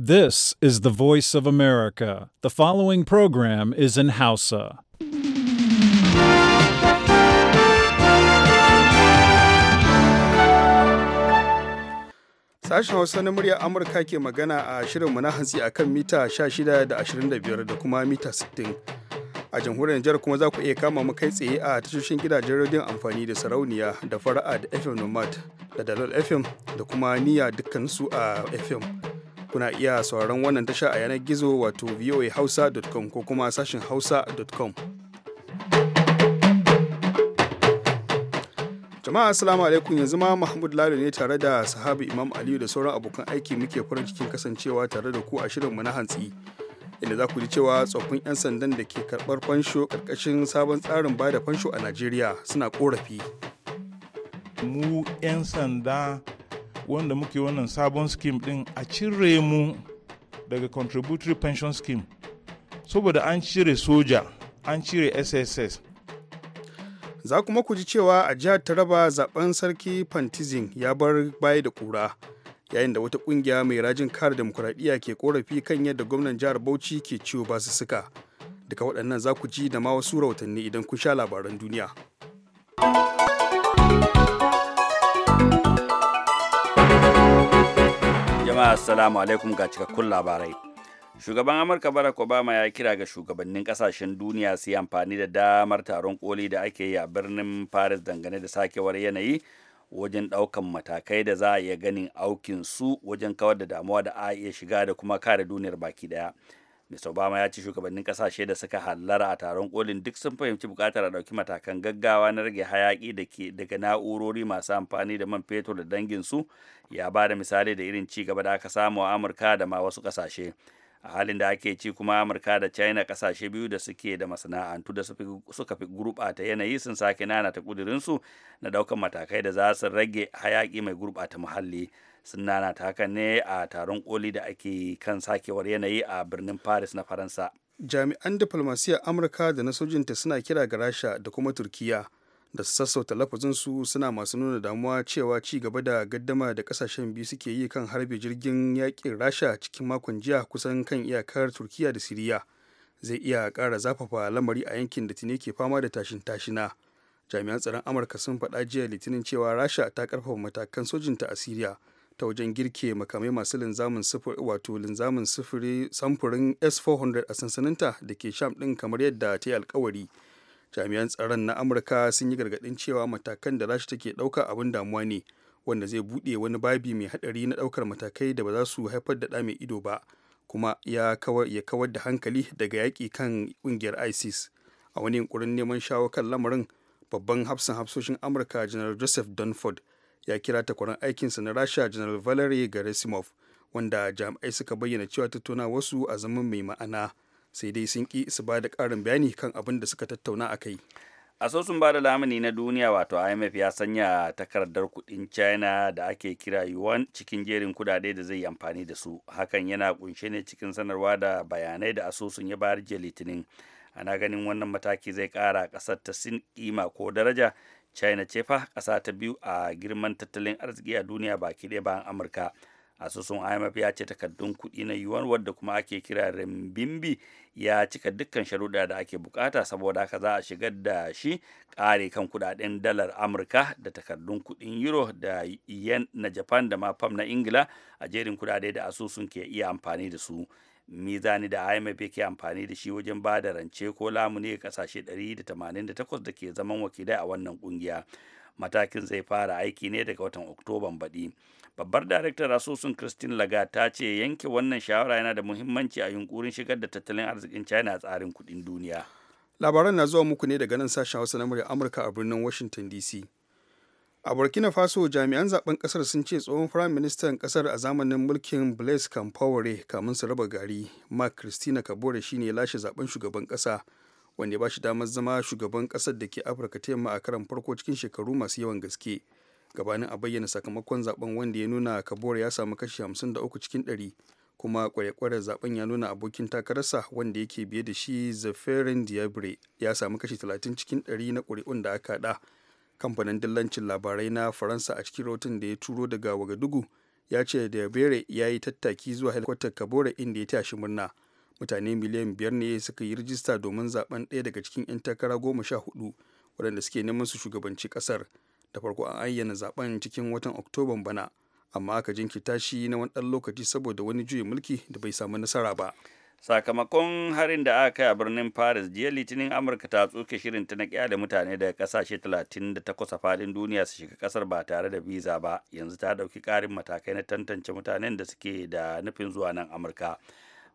This is the voice of America. The following program is in Hausa. Sashen Hausa na muryar Amurka ke magana a shirinmu na hantsi a kan mita 16 da 25 da kuma mita 60. A jamhuriyar Nijar kuma za ku iya kama mu kai tsaye a tashoshin gidajen rediyon amfani da sarauniya da fara'a da FM Nomad da Dalol FM da kuma niyya dukkansu a FM. kuna iya sauraron wannan tasha a yanar gizo wato voahausa.com ko kuma sashin hausa.com jama'a assalamu alaikum yanzu ma mahmud lalo ne tare da sahabi imam aliyu da sauran abokan aiki muke farin cikin kasancewa tare da ku a shirinmu na hantsi inda za ku ji cewa tsoffin 'yan sandan da ke karɓar fansho ƙarƙashin sabon tsarin bada fansho a najeriya suna korafi mu 'yan sanda wanda muke wannan sabon scheme din a cire mu daga contributory pension scheme saboda an cire soja an cire sss za kuma ku ji cewa a jihar taraba zaben sarki pantizin ya bar baya da kura yayin da wata kungiya mai rajin kare demokuraɗiyya ke korafi kan yadda gwamnan jihar bauchi ke ciwo basussuka daga waɗannan za ku ji da ma wasu rahotanni idan kun sha labaran duniya. jama'a assalamu alaikum ga cikakkun labarai shugaban amurka barack obama ya kira ga shugabannin kasashen duniya su yi amfani da damar taron koli da ake yi a birnin paris dangane da sakewar yanayi wajen ɗaukan matakai da za a iya ganin aukin su wajen kawar da damuwa da a iya shiga da kuma kare duniyar baki ɗaya. Mr. Obama ya ci shugabannin kasashe da suka hallara a taron kolin duk sun fahimci bukatar a ɗauki matakan gaggawa na rage hayaƙi da ke daga na'urori masu amfani da man fetur da danginsu ya ba da misali da irin ci gaba da aka samu a Amurka da ma wasu kasashe. A halin da ake ci kuma Amurka da China kasashe biyu da suke da masana'antu da suka fi gurɓata yanayi sun sake nana ta ƙudurinsu na ɗaukan matakai da za su rage hayaƙi mai gurɓata muhalli. sun ta hakan ne a taron koli da ake kan sakewar yanayi a birnin paris na faransa jami'an diplomasiya amurka da na sojinta suna kira ga rasha da kuma turkiya da su sassauta lafazinsu suna masu nuna damuwa cewa ci gaba da gaddama da kasashen biyu suke yi kan harbe jirgin yakin rasha cikin makon jiya kusan kan iyakar turkiya da siriya zai iya ƙara zafafa lamari a yankin da tuni ke fama da tashin tashina jami'an tsaron amurka sun faɗa jiya litinin cewa rasha ta ƙarfafa matakan sojinta a siriya ta wajen girke makamai masu linzamin sufuri wato linzamin sufuri samfurin s-400 a sansaninta da ke sham ɗin kamar yadda ta yi alkawari jami'an tsaron na amurka sun yi gargaɗin cewa matakan da rashi take ɗauka abin damuwa ne wanda zai buɗe wani babi mai haɗari na ɗaukar matakai da ba za su haifar da ɗa mai ido ba kuma ya kawar ya kawar da hankali daga yaki kan ƙungiyar isis a wani yunkurin neman shawo kan lamarin babban hafsan hafsoshin amurka janar joseph dunford ya kira takwaran aikinsa na rasha general valery gerasimov wanda jami'ai suka bayyana cewa tattauna wasu a zaman mai ma'ana sai dai sun ki su bada da ƙarin bayani kan abin da suka tattauna a kai asusun bada lamuni na duniya wato imf ya sanya takardar kudin china da ake kira yuan cikin jerin kudade da zai yi amfani da su hakan yana kunshe ne cikin sanarwa da bayanai da asusun ya bayar jiya litinin ana ganin wannan mataki zai kara kasar ta sin kima ko daraja china ce fa ƙasa ta biyu a girman tattalin arziki a duniya baki ɗaya bayan amurka asusun imf ya ce takardun kuɗi na yuwan wadda kuma ake kira rimbimbi ya cika dukkan sharuɗa da ake bukata saboda haka za a shigar da shi ƙare kan kuɗaɗen dalar amurka da takardun kuɗin euro da yen na japan da ma fam na ingila a jerin kuɗaɗe da asusun ke iya amfani da su mizani da imf yake amfani da shi wajen ba da rance ko lamuni ga kasashe 188 da ke zaman wakilai a wannan kungiya matakin zai fara aiki ne daga watan oktoban baɗi babbar daraktar asusun christine lagarde ta ce yanke wannan shawara yana da muhimmanci a yunkurin shigar da tattalin arzikin china a tsarin kuɗin duniya labaran na zuwa muku ne daga nan sashen hausa na murya amurka a birnin washington dc a burkina faso jami'an zaben kasar sun ce tsohon firayim ministan kasar a zamanin mulkin blaise compaore kamun su raba gari mark christina kabore shine ya lashe zaben shugaban kasa wanda ya ba shi damar zama shugaban kasar da ke afirka ta yamma a karan farko cikin shekaru masu yawan gaske gabanin a bayyana sakamakon zaben wanda ya nuna kabore ya samu kashi 53 cikin 100 kuma kwarekwarar zaben ya nuna abokin takararsa wanda yake biye da shi zaferin diabre ya samu kashi 30 cikin 100 na kuri'un da aka haɗa kamfanin dillancin labarai na faransa a cikin rahoton da ya turo daga wagadugu ya ce da bere ya yi tattaki zuwa helikwatar kabore inda ya tashi murna mutane miliyan biyar ne suka yi rijista domin zaben ɗaya daga cikin 'yan takara goma sha hudu waɗanda suke neman su shugabanci ƙasar da farko an ayyana zaben cikin watan oktoban bana amma aka jinkirta shi na wani ɗan lokaci saboda wani juyin mulki da bai samu nasara ba sakamakon harin da aka kai a birnin paris jiya litinin amurka ta tsoke shirin ta na kyale mutane daga kasashe 38 a faɗin duniya su shiga kasar ba tare da visa ba yanzu ta dauki karin matakai na tantance mutanen da suke da nufin zuwa nan amurka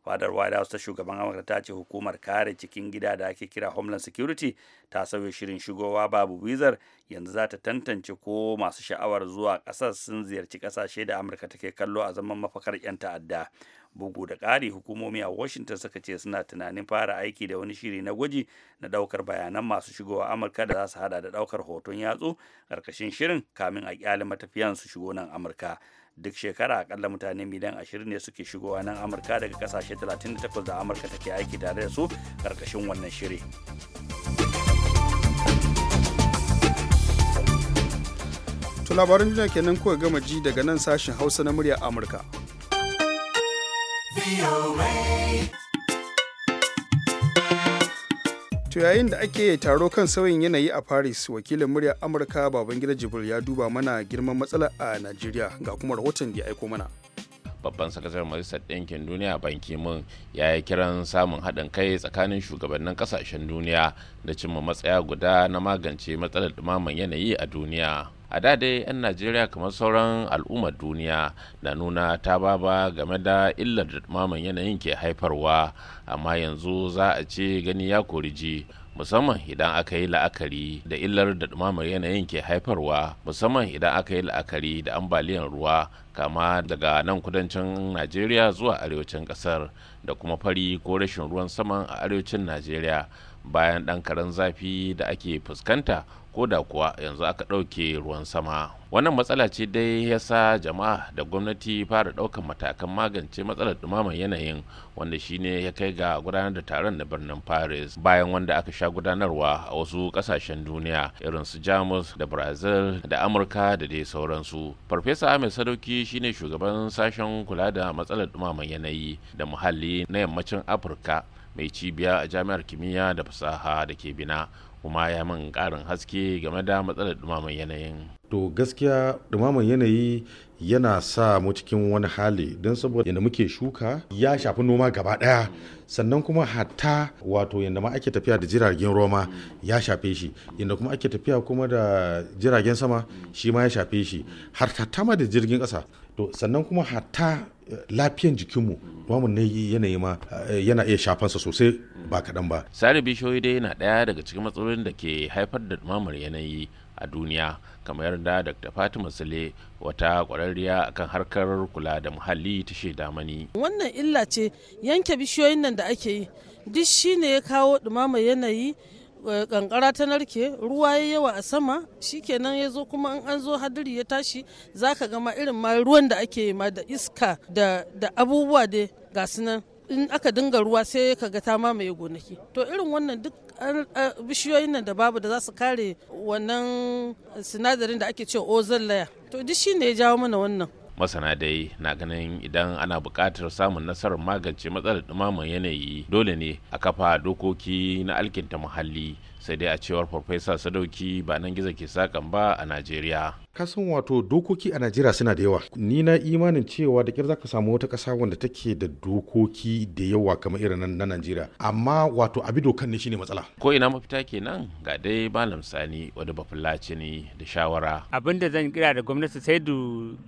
fadar white house ta shugaban amurka ta ce hukumar kare cikin gida da ake kira homeland security ta sauya shirin shigowa babu bizar yanzu za ta tantance ko masu sha'awar zuwa kasar sun ziyarci ƙasashe da amurka take kallo a zaman mafakar 'yan ta'adda bugu da ƙari hukumomi a washington suka ce suna tunanin fara aiki da wani shiri na gwaji na ɗaukar bayanan masu shigowa amurka da za su hada da ɗaukar hoton yatsu ƙarƙashin shirin kamin a ƙyale matafiyan su shigo nan amurka duk shekara akalla mutane miliyan ashirin ne suke shigowa nan amurka daga kasashe 38 da amurka take aiki tare da su karkashin wannan shiri to labaran duniya kenan kawai gama ji daga nan sashen hausa na murya amurka To yayin da ake taro kan sauyin yanayi a Paris, wakilin muryar Amurka Babangida Jibril ya duba mana girman matsala a Najeriya ga kuma rahoton da ya aiko mana. babban sakataren majalisar ɗinkin duniya banki mun ya yi kiran samun haɗin kai tsakanin shugabannin ƙasashen duniya da cimma matsaya guda na magance matsalar ɗumaman yanayi a duniya. a da dai 'yan najeriya kamar sauran al'ummar duniya na nuna ta baba game da illar da yanayin ke haifarwa amma yanzu za a ce gani ya koriji musamman idan aka yi la'akari da illar da ɗumamar yanayin ke haifarwa musamman idan aka yi la'akari da ambaliyar ruwa kama daga nan kudancin najeriya zuwa arewacin kasar da kuma fari ko rashin ruwan saman a arewacin najeriya bayan ɗan karen zafi da ake fuskanta ko da kuwa yanzu aka ɗauke ruwan sama wannan matsala ce dai ya sa jama'a da gwamnati fara ɗaukan matakan magance matsalar dumaman yanayin wanda shine ya kai ga gudanar da taron na birnin paris bayan wanda aka sha gudanarwa a wasu ƙasashen duniya irin su jamus da brazil da amurka da dai sauransu farfesa ahmed sadauki shine shugaban sashen kula da matsalar dumaman yanayi da muhalli na yammacin afirka mai cibiya a jami'ar kimiyya da fasaha da ke bina kuma ya min ƙarin haske game da matsalar dumaman yanayin to gaskiya dumaman yanayi yana sa mu cikin wani hali don saboda yadda muke shuka ya shafi noma gaba daya sannan kuma hatta wato yadda ma ake tafiya da jiragen roma ya shafe shi yadda kuma ake tafiya kuma da jiragen sama shi ma ya shafe shi har hatta ma da jirgin kasa to sannan kuma hatta lafiyan jikinmu ne yanayi ma eh, yana iya shafansa sosai ba kaɗan ba. Sare bishiyoyi dai yana ɗaya daga cikin matsalolin da ke haifar da ɗumamar yanayi a duniya kamar da Dr. Fatima Sule wata ƙwararriya akan harkar kula da muhalli ta shaida mani. Wannan illa ce yanke bishiyoyin nan da ake yi duk shine ya kawo ɗumamar yanayi Eh, kankara ta narke ruwa ya yawa a sama shikenan ya zo kuma in an zo hadiri ya tashi za ka gama irin ma ruwan da ake ma da iska da abubuwa da ga nan in aka dinga ruwa sai ka ga ta mamaye gonaki to irin wannan duk bishiyoyin nan da babu da za su kare wannan sinadarin da ake ce ozon laya to duk shine ya jawo mana wannan masana dai na ganin idan ana buƙatar samun nasarar magance matsalar dumaman yanayi dole ne a kafa dokoki na alkinta muhalli sai dai a cewar farfesa sadauki ba nan gizo ke sakan ba a najeriya kasan wato dokoki a najeriya suna da yawa ni na imanin cewa da kyar zaka samu wata kasa wanda take da dokoki da yawa kamar irin nan na najeriya amma wato abi dokan ne shine matsala ko ina mafita kenan ga dai malam sani wani bafullaci ne da shawara abin da zan kira da gwamnati sai da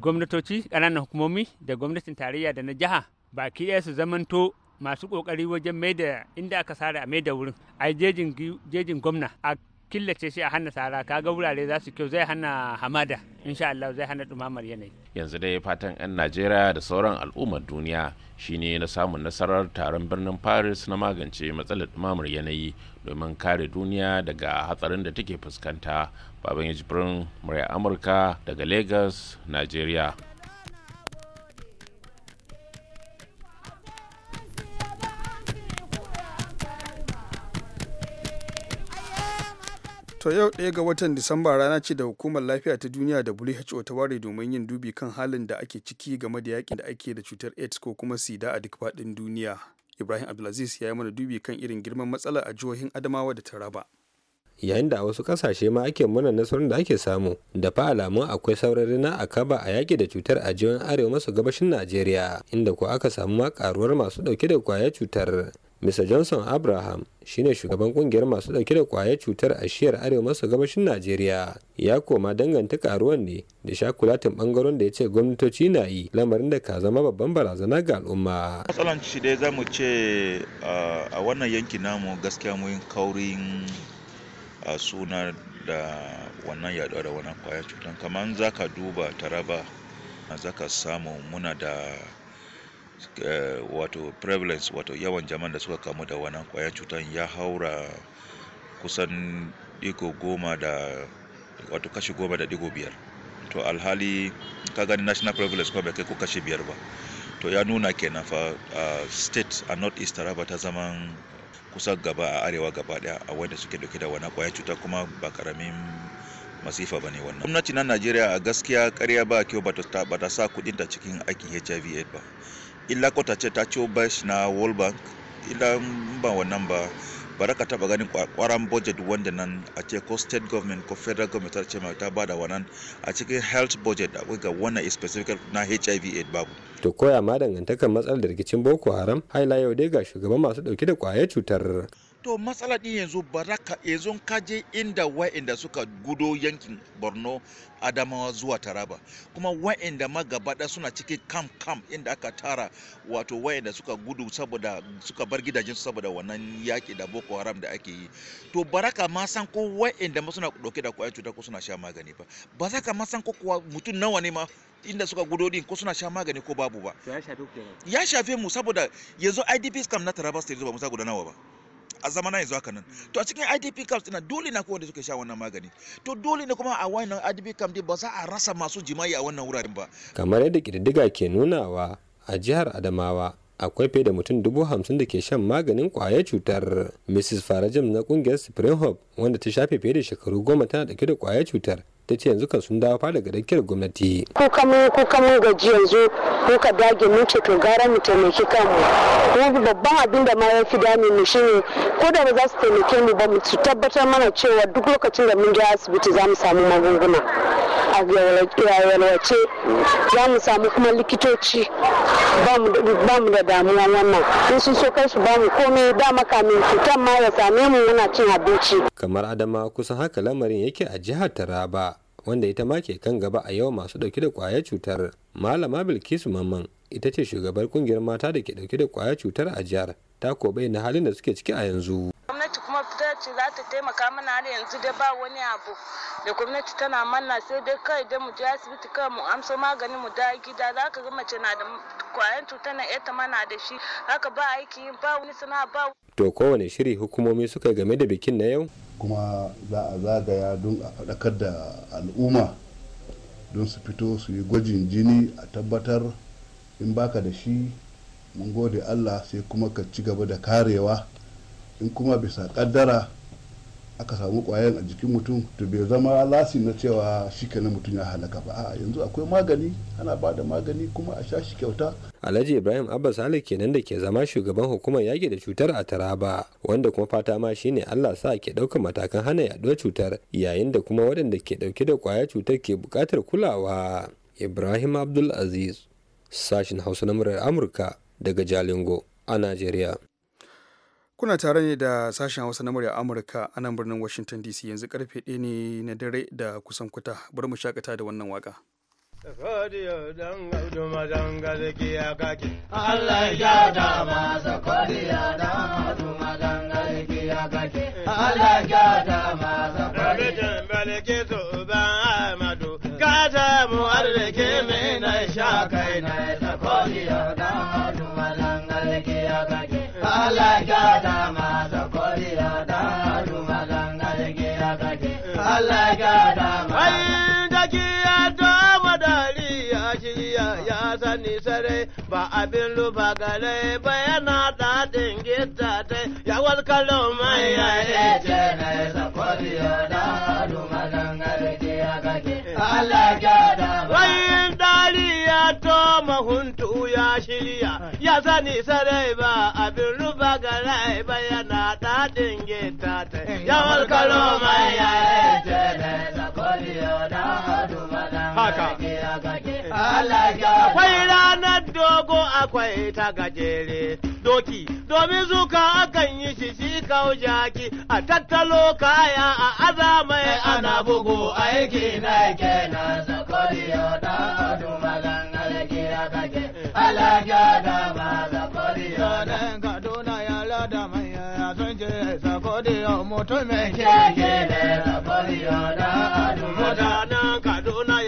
gwamnatoci ƙananan hukumomi da gwamnatin tarayya da na jiha baki ɗaya su zamanto masu kokari wajen mai da inda aka sare a mai da wurin a jejin gwamna a killace shi a hana sara ga wurare za su kyau zai hana hamada insha Allah zai hana dumamar yanayi yanzu dai fatan 'yan Najeriya da sauran al'ummar duniya shine na samun nasarar taron birnin Paris na magance matsalar dumamar yanayi domin kare duniya daga hatsarin da take fuskanta baban yajibirin murya Amurka daga Lagos nigeria. To yau ɗaya ga watan Disamba rana ce da hukumar lafiya ta duniya da WHO ta ware domin yin dubi kan halin da ake ciki game da yakin da ake da cutar AIDS ko kuma sida a duk faɗin duniya. Ibrahim Abdulaziz ya yi mana dubi kan irin girman matsala a jihohin Adamawa da Taraba. yayin da a wasu kasashe ma ake muna nasarar da ake samu da fa alamun akwai saurari na akaba a yaki da cutar a arewa maso gabashin najeriya inda ko aka samu ma karuwar masu ɗauke da kwayar cutar mr johnson abraham shine shugaban kungiyar masu ɗauke da kwayar cutar a shiyar arewa maso gabashin najeriya ya koma danganta karuwan ne da shakulatin bangaren da ya ce gwamnatoci na yi lamarin da ka zama babban barazana ga al'umma matsalan dai za mu ce ah, a wannan yanki namu gaskiya yin kaurin a suna da wannan yaduwa da wannan kwayar cutar kamar za ka duba taraba za ka samu muna da eh, wato prevalence wato yawan jama'an da suka kamu da wannan kwayar cutar ya haura kusan digo goma da wato kashi goma da digo biyar to alhali ka gani national prevalence kuma bai kai ko kashi biyar ba to ya nuna kenan fa ah, state a north east taraba ta zaman kusa gaba a arewa gaba daya a wanda suke dauke da wani kwayar cuta kuma ba karamin masifa bane wannan gwamnati na najeriya a gaskiya karya ba kyau ba ta sa kudin ta cikin aikin hiv ba illa kwatace ta ciwo bash na world bank illa ba wannan ba bari ka taba ganin kwaran budget wanda nan a ce ko state government ko federal government ce ce ta ba da wannan a cikin health budget akwai ga wannan specific na hiv aid babu to koya ma dangantakar matsalar da rikicin boko haram haila yau dai ga shugaban masu dauke da kwaya cutar to matsala din yanzu ba yanzu ka je inda wa'inda suka gudo yankin borno adamawa zuwa taraba kuma wa'inda ma suna cikin kam kam inda aka tara wato wa'inda suka gudu saboda suka bar gidajensu saboda wannan yaƙi da boko haram da ake yi to baraka ma san ko wa'inda ma suna dauke da kwayar cuta ko suna sha magani ba ba za ka ma san ko kuwa mutum nawa ne ma inda suka gudo din ko suna sha magani ko babu ba ya shafe mu saboda yanzu idps kam na taraba state ba musa sa gudanarwa ba a zama na yanzu haka nan to a cikin idp camps ina dole na kowa da suka sha wannan magani to dole ne kuma a wannan idp camp ba za a rasa masu jima'i a wannan wuraren ba kamar yadda kididdiga ke nunawa a jihar adamawa akwai fiye da mutum dubu hamsin da ke shan maganin kwayar cutar mrs farajam na kungiyar spring hope wanda ta shafe fiye da shekaru goma tana dauke da kwayar cutar ta ce yanzu kan sun dawo fara daga dakiyar gwamnati. Kuka mun kuka mun gaji yanzu kuka dage mun ce to gara mu taimaki kanmu. Kuma babban abin da ma ya fi dame mu shine ko da ba za su taimake mu ba mu tabbatar mana cewa duk lokacin da mun je asibiti za mu samu magunguna. a yalwace za mu samu kuma likitoci ba mu da damuwa wannan in sun so kai su ba komai dama kamin cutar ma ya same mu muna cin abinci kamar adama kusan haka lamarin yake a jihar taraba wanda ita ma ke kan gaba a yau masu dauke da kwayar cutar malama bilkisu mamman ita ce shugabar kungiyar mata da ke dauke da kwaya cutar a jihar ta ko na halin da suke ciki a yanzu gwamnati kuma ta ce za ta taimaka mana har yanzu dai ba wani abu da gwamnati tana manna sai dai kai da mu je asibiti kai mu amsa magani mu da gida za ka ga mace na da kwayan cutar na ita mana da shi haka ba aiki ba wani sana'a ba to kowane shiri hukumomi suka game da bikin na yau kuma za a zagaya don a faɗakar da al'umma don su fito su yi gwajin jini a tabbatar in baka da shi mun gode allah sai kuma ka ci gaba da karewa in kuma bisa kaddara aka samu kwayan a jikin mutum to bai zama lasi na cewa shi kenan mutum ya halaka ba a yanzu akwai magani ana ba da magani kuma a sha shi kyauta alhaji ibrahim abba sale kenan da ke zama shugaban hukumar yaki da cutar a taraba wanda kuma fata ma shine allah sa ke ɗaukar matakan hana yaduwar cutar yayin da kuma waɗanda ke ɗauke da kwaya cutar ke buƙatar kulawa ibrahim abdul aziz sashen hausa na murar amurka daga jalingo a najeriya kuna tare ne da sashen hausa na murar amurka a nan birnin washington dc yanzu karfe ɗaya ne na dare da kusan kuta bari mu shakata da wannan waka Allah ya dama zakariya dama samu arziki mai na sha kai na ta koriya da hadu malangal kiya kake Allah ya da ma ta koriya da hadu malangal kiya kake ki. ya da ma ai da kiya da madari ya shi ya sani sare ba abin luba gare ba yana dadin gita ta ya walkalo mai ya ce na ta koriya da hadu malangal kiya Allah gyara bayan dari ya toma huntu ya shirya ya sani sarai ba abin ruba ga rai ba yana daɗin gita ta yawar kalo mai yare jere zakoliyo da hadu haka Allah gyara akwai ranar dogo akwai ta gajere doki domin zuka akan yi shi shi kawo jaki a tattalo kaya a aza mai ana bugu aiki na kenan zakoriyo da adu magangal gira kake alaga da ma zakoriyo da kaduna yala da mai ya san je zakoriyo mutumin keke ne zakoriyo da adu mutanen kaduna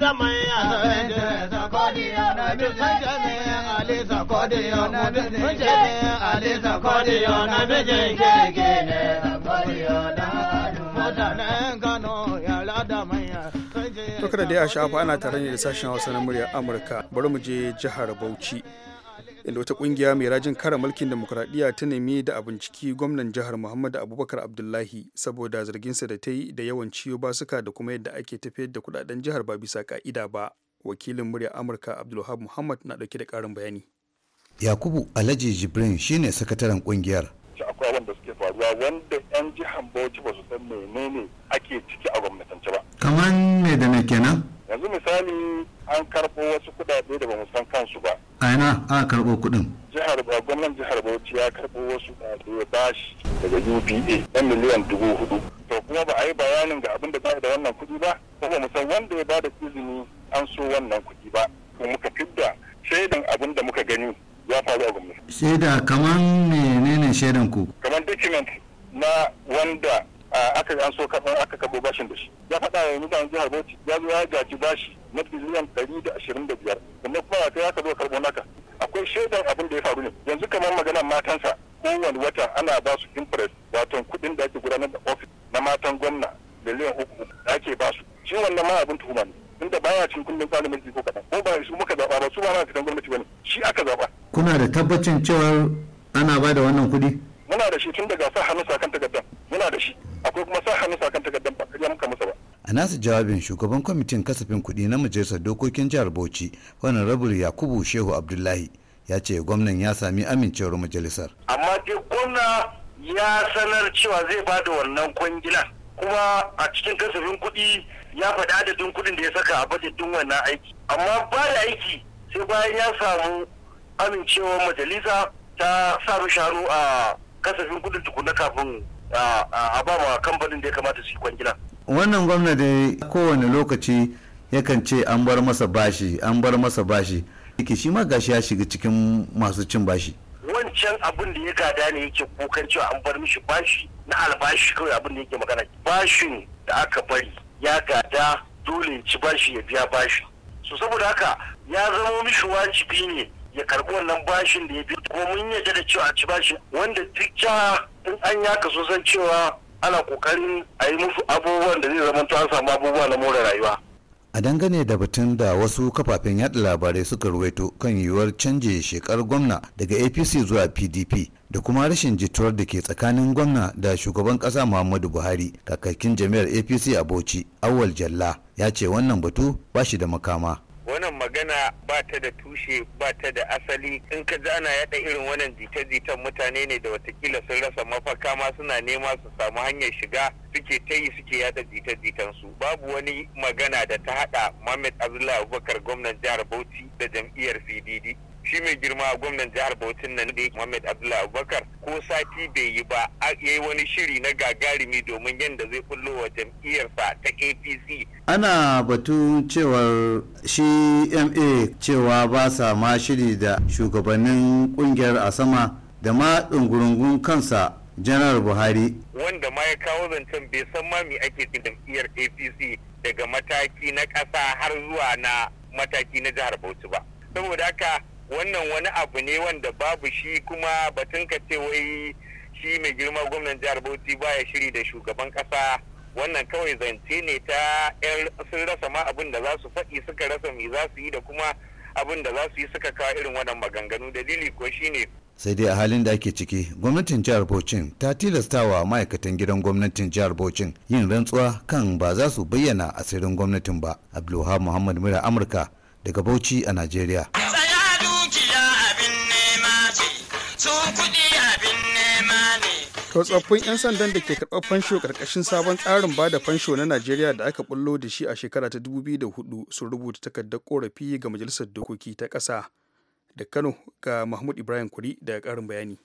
da mai ya san je zakoriyo da ne kodiyo na ya da dai a shafa ana tare ne da sashen Hausa na muryar Amurka bari mu je jihar Bauchi inda wata kungiya mai rajin kare mulkin demokuraɗiyya ta nemi da a binciki gwamnan jihar muhammadu abubakar abdullahi saboda zarginsa da ta yi da yawan ciwo ba basuka da kuma yadda ake tafiyar da kudaden jihar ba bisa ka'ida ba wakilin murya amurka abdulhab muhammad na ɗauke da ƙarin bayani yakubu alhaji jibrin shine sakataren kungiyar akwai wanda suke faruwa wanda yan jihar bauchi ba su san menene ake ciki a gwamnatance ba kamar me da me kenan yanzu misali an karɓo wasu kuɗaɗe da ba mu san kansu ba a ina a karɓo kuɗin jihar gwamnan jihar bauchi ya karɓo wasu kuɗaɗe bashi daga uba yan miliyan dubu hudu to kuma ba a yi bayanin ga abin da ba da wannan kuɗi ba ko ba mu san wanda ya bada izini an so wannan kuɗi ba ko muka fidda shaidan abin da muka gani ya faru a gwamnati. shaida kamar menene shaidan ku kamar document na wanda aka an so kafa aka kabo bashin da shi ya faɗa wa mutanen jihar Bauchi ya zo ya gaji bashi na biliyan ɗari da ashirin da biyar Wanda kuma ta ya zo karɓo naka akwai shaidan abin da ya faru ne yanzu kamar maganar matansa kowane wata ana ba su impress wato kuɗin da ake gudanar da ofis na matan gwamna miliyan uku da ake ba su shi wannan ma abin tuhuma ne tunda baya cikin kundin tsarin mulki ko kaɗan ko ba su muka zaɓa ba su ba na cikin gwamnati bane shi aka zaɓa. kuna da tabbacin cewa ana ba da wannan kuɗi. muna da shi tun daga sa hannu sakan takardar muna da shi akwai kuma sa hannu sakan takardar ba ya muka masa ba. a nasu jawabin shugaban kwamitin kasafin kuɗi na majalisar dokokin jihar bauchi wani rabul yakubu shehu abdullahi ya ce gwamnan ya sami amincewar majalisar. amma dai gwamna ya sanar cewa zai ba da wannan kwangilan kuma a cikin kasafin kuɗi ya faɗi adadin kuɗin da ya saka a bajet din wannan aiki amma ba da aiki sai bayan ya samu amincewar majalisa ta sa shanu a kasafin kuɗin tukuna kafin a ba ma kamfanin da ya kamata su yi kwangila wannan gwamna kowane lokaci yakan ce an bar masa bashi an bar masa bashi yake shi ma gashi ya shiga cikin masu cin bashi wancan abin da ya gada ne yake kukan cewa an bar mishi bashi na albashi kawai abin da yake magana bashin da aka bari ya gada dole ci bashi ya biya bashi so saboda haka ya zama mishi wajibi ne ya karbi wannan bashin da ya biya ko mun yarda da cewa ci bashi wanda duk jiha in an yaka so san cewa ana kokarin a yi musu abubuwan da zai zama an samu abubuwa na more rayuwa a dangane da batun da wasu kafafen yaɗa labarai suka ruwaito kan yiwuwar canje shekar gwamna daga apc zuwa pdp da kuma rashin jituwar da ke tsakanin gwamna da shugaban ƙasa muhammadu buhari kakakin jami'ar apc a bauchi awal jalla ya ce wannan batu ba shi da makama wannan magana ba ta da tushe ba ta da asali in ka ji ana yada irin wannan jita-jitan mutane ne da watakila sun rasa mafaka ma suna nema su samu hanyar shiga suke ta yi suke yada jita-jitan su babu wani magana da ta hada Mohammed Abdullahi Abubakar gwamnan jihar Bauchi da jam'iyyar CDD shi mai girma gwamnan jihar Bautin nan da Muhammad Abdullahi Abubakar ko sati bai yi ba yayi wani shiri na gagarumi domin yadda zai kullo wa jam'iyyarsa ta APC. Ana batun cewar shi MA cewa ba sa ma shiri da shugabannin kungiyar a sama da ma ɗungurungun kansa janar Buhari. Wanda ma ya kawo zancen bai san ma mi ake jam'iyyar APC daga mataki na ƙasa har zuwa na mataki na jihar Bauchi ba. Saboda haka wannan wani abu ne wanda babu shi kuma batun ka ce wai shi mai girma gwamnan jihar bauchi ya shiri da shugaban kasa wannan kawai zance ne ta yan sun rasa ma abin da za su faɗi suka rasa me za su yi da kuma abin da za su yi suka kawo irin wannan maganganu dalili ko ne. sai dai a halin da ake ciki gwamnatin jihar bauchin ta tilastawa ma'aikatan gidan gwamnatin jihar bauchin yin rantsuwa kan ba za su bayyana asirin gwamnatin ba abdulwahab muhammad mura amurka daga bauchi a najeriya to 'yan sandan da ke karɓar fansho ƙarƙashin sabon tsarin bada fansho na najeriya da aka bullo da shi a shekara ta 2004 sun rubuta takardar korafi ga majalisar dokoki ta ƙasa da kano ga mahmud ibrahim kuri da ƙarin bayani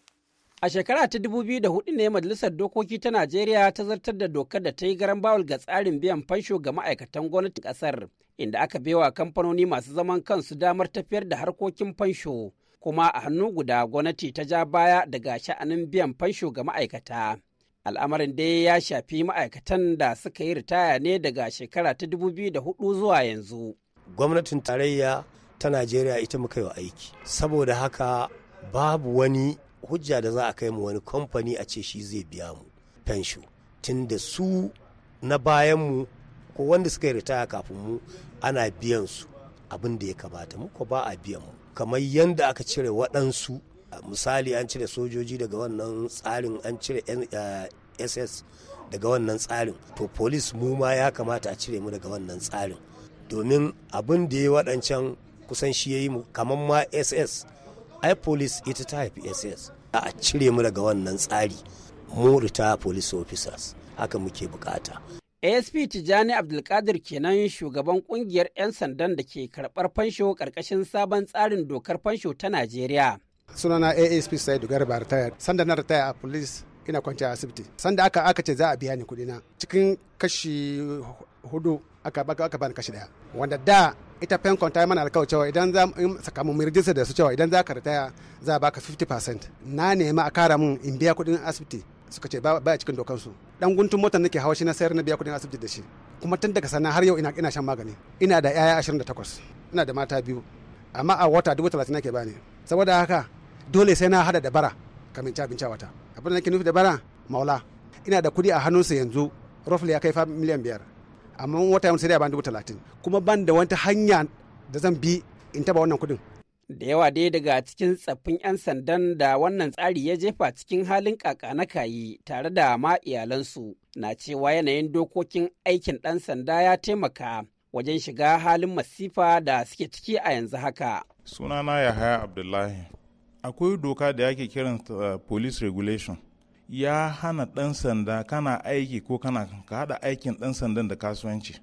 a shekara ta 2004 ne majalisar dokoki ta najeriya ta zartar da dokar da ta yi garan bawul ga tsarin biyan fansho ga ma'aikatan gwamnatin ƙasar inda aka baiwa kamfanoni masu zaman kansu damar tafiyar da harkokin fansho kuma a hannu guda gwamnati ta ja baya daga sha'anin biyan fansho ga ma'aikata. Al'amarin dai ya shafi ma'aikatan da suka yi ritaya ne daga shekara ta dubu biyu da 2004 zuwa yanzu. Gwamnatin tarayya ta Najeriya ita muka yi aiki. Saboda haka babu wani hujja da za a kai mu wani kamfani a ce shi zai biya mu fansho. Tunda su na bayan mu ko wanda suka yi ritaya kafin mu ana biyan su abin da ya kamata mu ko ba a biyan mu. kamar yadda aka cire waɗansu misali an cire sojoji daga wannan tsarin an cire ss eh, daga wannan tsarin to polis mu ma ya kamata a cire mu daga wannan tsarin domin abin da ya waɗancan kusan shi ya yi mu kamar ma ss ai polis ita ta haifi ss a cire mu daga wannan tsari mu rita police officers haka muke bukata asp tijjani abdulkadir kenan shugaban kungiyar 'yan sandan da ke karbar fansho karkashin sabon tsarin dokar fansho ta najeriya sunana asp sai dugar ba ritaya sanda na ritaya a police ina kwanci a asibiti sanda aka aka ce za a biya ni na, cikin kashi hudu aka baka aka bani kashi daya wanda da ita pen ta yi mana alkawar cewa idan za mu saka mu register da su cewa idan za ka ritaya za a baka 50% na nema a kara mun in biya kuɗin asibiti suka ce ba cikin dokansu dan guntun motar nake hawa shi na sayar na biya kudin asibiti da shi kuma tun daga sana har yau ina ina shan magani ina da yaya 28 ina da mata biyu amma a wata dubu talatin nake bani saboda haka dole sai na hada da bara kamin ci abinci a wata abin da nake nufi da bara maula ina da kudi a sa yanzu roughly ya kai fa miliyan biyar amma wata yau sai da ban dubu talatin kuma ban da wata hanya da zan bi in taba wannan kudin Da yawa dai daga cikin tsaffin 'yan sandan da wannan tsari ya jefa cikin halin kaka na kayi tare da ma iyalansu na cewa yanayin dokokin aikin ɗan sanda ya taimaka wajen shiga halin masifa da suke ciki a yanzu haka. Sunana Yahaya Abdullahi. Akwai doka da yake kiran uh, police regulation. Ya hana ɗan sanda kana aiki ko kana ka haɗa aikin ɗan sandan da kasuwanci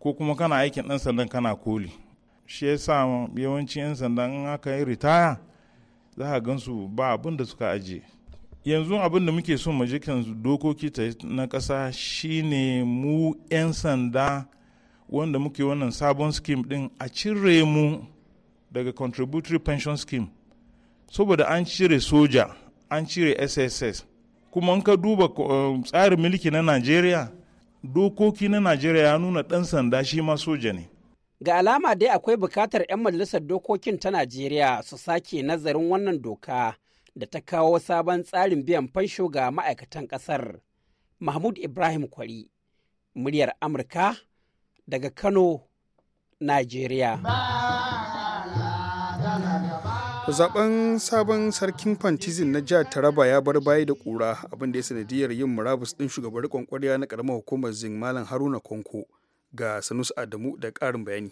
ko kuma kana aikin ɗan sandan kana koli. shi ya sa yawanci 'yan sanda in aka yi ritaya za ka gansu ba abin da suka ajiye yanzu abin da muke son majikan dokoki na ƙasa shine mu 'yan sanda wanda muke wannan sabon scheme din a cire mu daga contributory pension scheme saboda an cire soja an cire sss kuma an ka duba eh, tsarin mulki na najeriya dokoki na najeriya ya nuna ɗan sanda shi ma soja ne Ga alama dai akwai bukatar 'yan majalisar dokokin ta Najeriya su sake nazarin wannan doka da ta kawo sabon tsarin biyan fansho ga ma'aikatan ƙasar. Mahmud Ibrahim Kwari, muryar Amurka daga Kano, Najeriya. zaben sabon sarkin fantizin na jihar taraba ya bar baya da kura abinda ya sanadiyar yin murabus din shugaban rikon ƙwarya na karamar hukumar zin malam haruna konko ga sanusu Adamu da ƙarin bayani.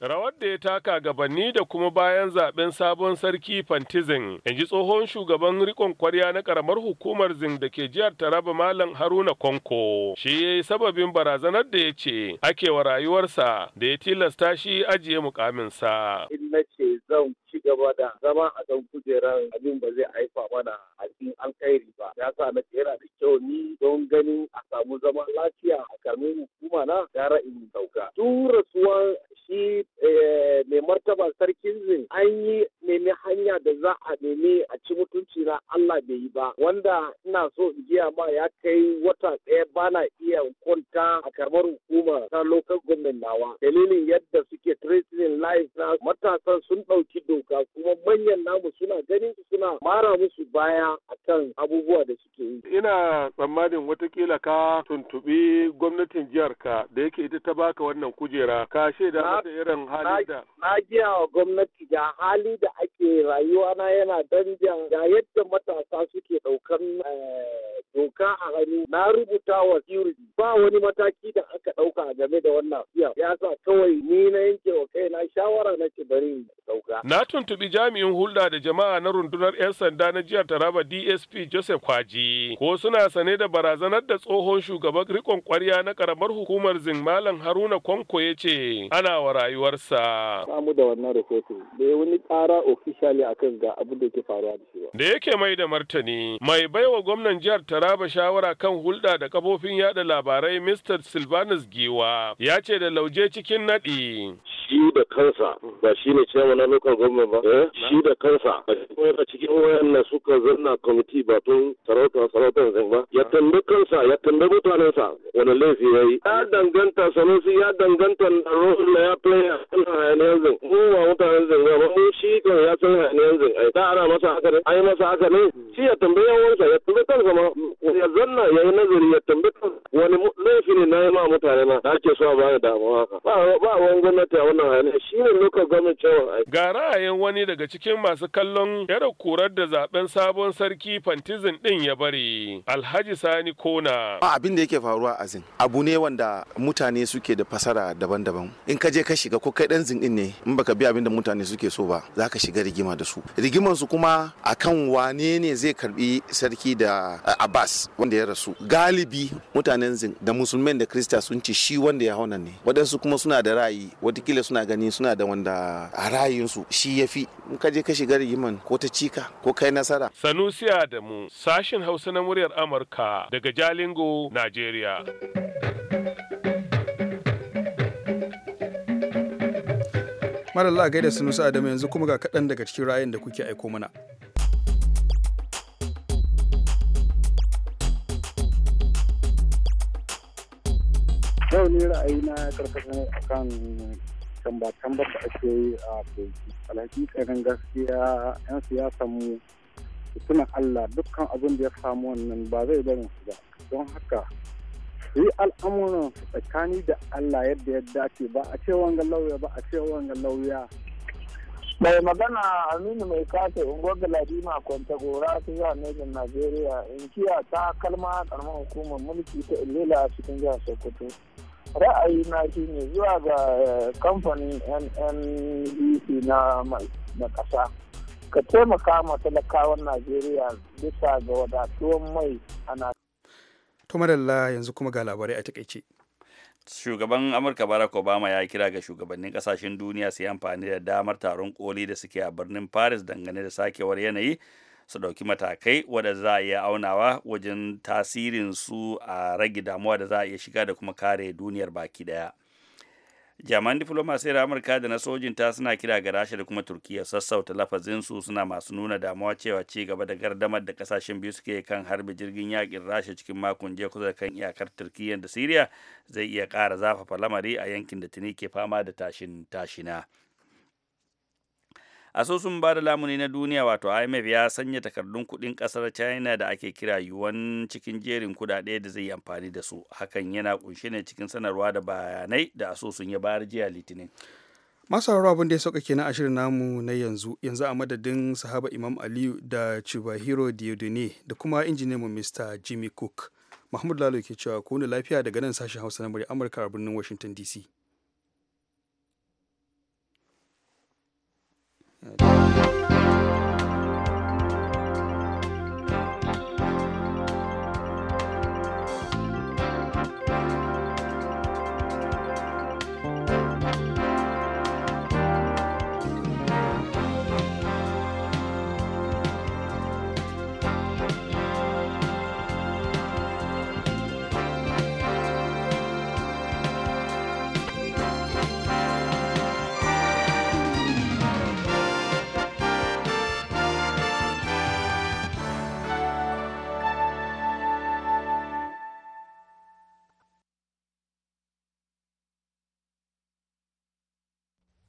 rawar da ya taka gabanni da kuma bayan zaben sabon sarki fantizin in ji tsohon shugaban rikon kwarya na karamar hukumar zin da ke jihar taraba malam haruna konko shi ya yi sababin barazanar da ya ce ake wa rayuwarsa da ya tilasta shi ajiye mukaminsa in na zan ci gaba da zama a kan kujerar abin ba zai haifa mana cikin alkhairi ba ya sa na kera da kyau ni don ganin a samu zaman lafiya a kamin hukuma na gara in sauka tun rasuwan shi eh, mai martaba sarkin zin an yi nemi hanya da za a nemi a ci mutunci na Allah bai yi ba wanda ina so in giya ma ya kai wata ɗaya bana iya kwanta a karamar hukuma ta local government nawa dalilin yadda suke trace alliance na matasan sun ɗauki doka kuma manyan namu suna ganin suna mara musu baya akan abubuwa da suke yi. Ina tsammanin watakila ka tuntuɓi gwamnatin jihar ka da yake ita ta baka wannan kujera ka shaida mata irin hali da. Na giya wa gwamnati ga hali da ake rayuwa na yana danjan ga yadda matasa suke ɗaukan eh, doka a hannu na rubuta wa security ba wani mataki da aka ɗauka game da wannan ya sa kawai ni na yanke wa kai kaina shawara na ce bari ɗauka. Na tuntuɓi jami'in hulɗa da jama'a na rundunar 'yan sanda na jihar Taraba DSP Joseph Kwaji ko suna sane da barazanar da tsohon shugaban rikon kwarya na ƙaramar hukumar Zingmalan Haruna Kwanko ya ce ana wa rayuwarsa. Samu da wannan rahoto da wani ƙara ofishali kan ga abin da ke faruwa da shi. Da yake mai da martani mai baiwa gwamnan jihar Taraba shawara kan hulɗa da kafofin yada labarai Mr. Silvanus Giwa ya ce da lauje cikin naɗi. shi da kansa ba shi ne cewa na local government ba eh? shi da kansa a cikin wayannan suka zanna kwamiti ba tun sarautar sarautar zan ba ya tambi kansa ya tambi mutanensa wani laifi ya yi ya danganta sanusi ya danganta na rohun na ya playa na hayaniyar zin mu ba mutanen zin ba mu shi kan ya san hayaniyar zin ai ta ana masa haka ne ai masa haka ne shi ya tambi yawansa ya tambi kansa ma ya zanna ya yi nazari ya tambi kansa wani laifi ne na yi ma mutane na da ake so a bani damuwa haka ba wani gwamnati a wani ana hali shi ne ga ra'ayin wani daga cikin masu kallon yara korar da zaben sabon sarki fantizin din ya bari alhaji sani kona abin da yake faruwa azin abu ne wanda mutane suke da fasara daban-daban in ka je ka shiga ko kai dan zin din ne in baka bi abin da mutane suke so ba za ka shiga rigima da su rigiman su kuma akan wane ne zai karbi sarki da abbas wanda ya rasu galibi mutanen zin da musulmai da krista sun ci shi wanda ya hauna ne waɗansu kuma suna da ra'ayi watakila suna gani suna da wanda a ra'ayinsu shi ya fi in ka je ka shiga rigiman ko ta cika ko kai nasara. Sanusiya da mu sashin Hausa na muryar Amurka daga Jalingo, Najeriya. Mara lagai gaida Sanusi Adamu yanzu kuma ga kaɗan daga cikin ra'ayin da kuke aiko mana. Yau ne ra'ayi na karkashin kan kan ba kan da ake yi a kogi tsarin gaskiya yan siyasan mu suna allah dukkan abin da ya samu wannan ba zai bari su ba don haka su yi al'amuran tsakani da allah yadda ya dace ba a ce wanga lauya ba a ce wanga lauya mai magana aminu mai kata unguwar galadima kwanta gora ta jihar nejin najeriya inkiya ta kalma karamar hukumar mulki ta a cikin jihar sokoto ra'ayi na shi ne zuwa ga eh, kamfanin nnbc na na ƙasa ka taimaka ma talakawan najeriya bisa ga wadatuwan mai ana to madalla yanzu kuma ga labarai a takaice shugaban amurka barack obama ya kira ga shugabannin kasashen duniya su yi amfani da damar taron koli da suke a birnin paris dangane da sakewar yanayi su ɗauki matakai wadda za a iya aunawa wajen tasirin su a rage damuwa da za a iya shiga da kuma kare duniyar baki ɗaya. jaman diflomasiyar amurka da na sojin ta suna kira ga rasha da kuma turkiya sassauta lafazin su suna masu nuna damuwa cewa ci gaba da gardamar da kasashen biyu suke kan harbi jirgin yakin rasha cikin makon jiya kusa da kan iyakar turkiyya da siriya zai iya ƙara zafafa lamari a yankin da tuni ke fama da tashin tashina asusun ba da lamuni na duniya wato imf ya sanya takardun kudin kasar china da ake kira yuwan cikin jerin kudade da zai yi amfani da su hakan yana kunshi ne cikin sanarwa da bayanai da asusun ya bayar jiya litinin masu haruwa abin da ya sauka kenan a shirin namu na yanzu yanzu a madadin sahaba imam aliyu da chibahiro diodone da kuma mu mr jimmy cook mahmud lalo ke cewa ku lafiya daga nan sashen hausa na murya amurka a birnin washington dc